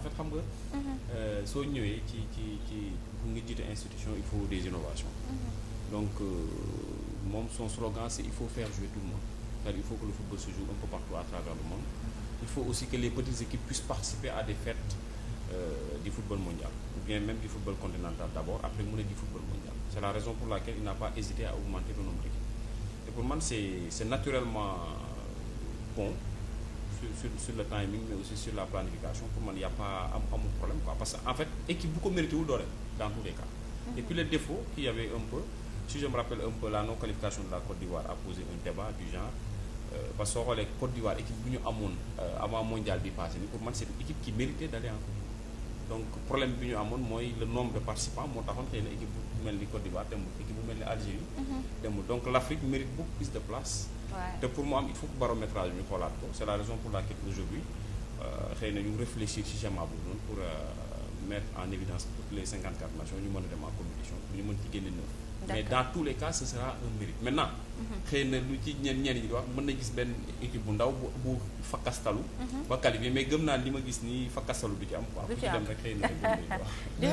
en fait xam nga. Mhm. Euh, soo ñëwee ci ci ci bu ngi jiite institution il faut des innovations. Mhm. donc euh, moom son slogan c'est il faut faire jouer tout le monde cest il faut que le football se joue un peu partout à travers le monde. Mhm. il faut aussi que les petites équipes puissent participer à des fêtes euh, du football mondial ou bien même du football continental d'abord après mu ne du football mondial c'est la raison pour laquelle il n'a pas hésité à augmenter le et pour man sur sur le timing mais aussi sur la planification pour man y' am amul problème quoi parce que en fait équipe bu ko mérité wul doole dans tous les cas. Mm-hmm. et puis les défauts qu'il y avait un peu si je rappelle un peu la non qualification de la Côte d'Ivoire a posé un débat du genre euh, parce que soo xoolee Côte d'Ivoire équipe bu ñu amoon euh, avant mondial bi passé ni pour man c'est une équipe qui méritait d'aller en Coupe donc problème bi ñu amoon mooy la nombre de participants moo taxoon xëy na équipe bu mel ni Côte d'Ivoire demul équipe bu mel ni mm-hmm. de place te pour mu am il faut que ñu xoolaat ko c' est la raison pour laquelle aujourd'hui euh, xëy na ñu réfléchir ci schéma boobu noonu pour euh, mettre en évidence toutes les 54 nations ñu mën a dem en compétition pour ñu mën ci génne neuf mais dans tous les cas ce sera un mérite maintenant mhm. xëy na lu ci ñenn ñenn ñi di wax mën na gis benn équipe bu ndaw bu fakkastalu mhm. ba qualifié mais gëm naa li ma gis nii fakkastalu bi ci am quoi ku ci dem rek xëy na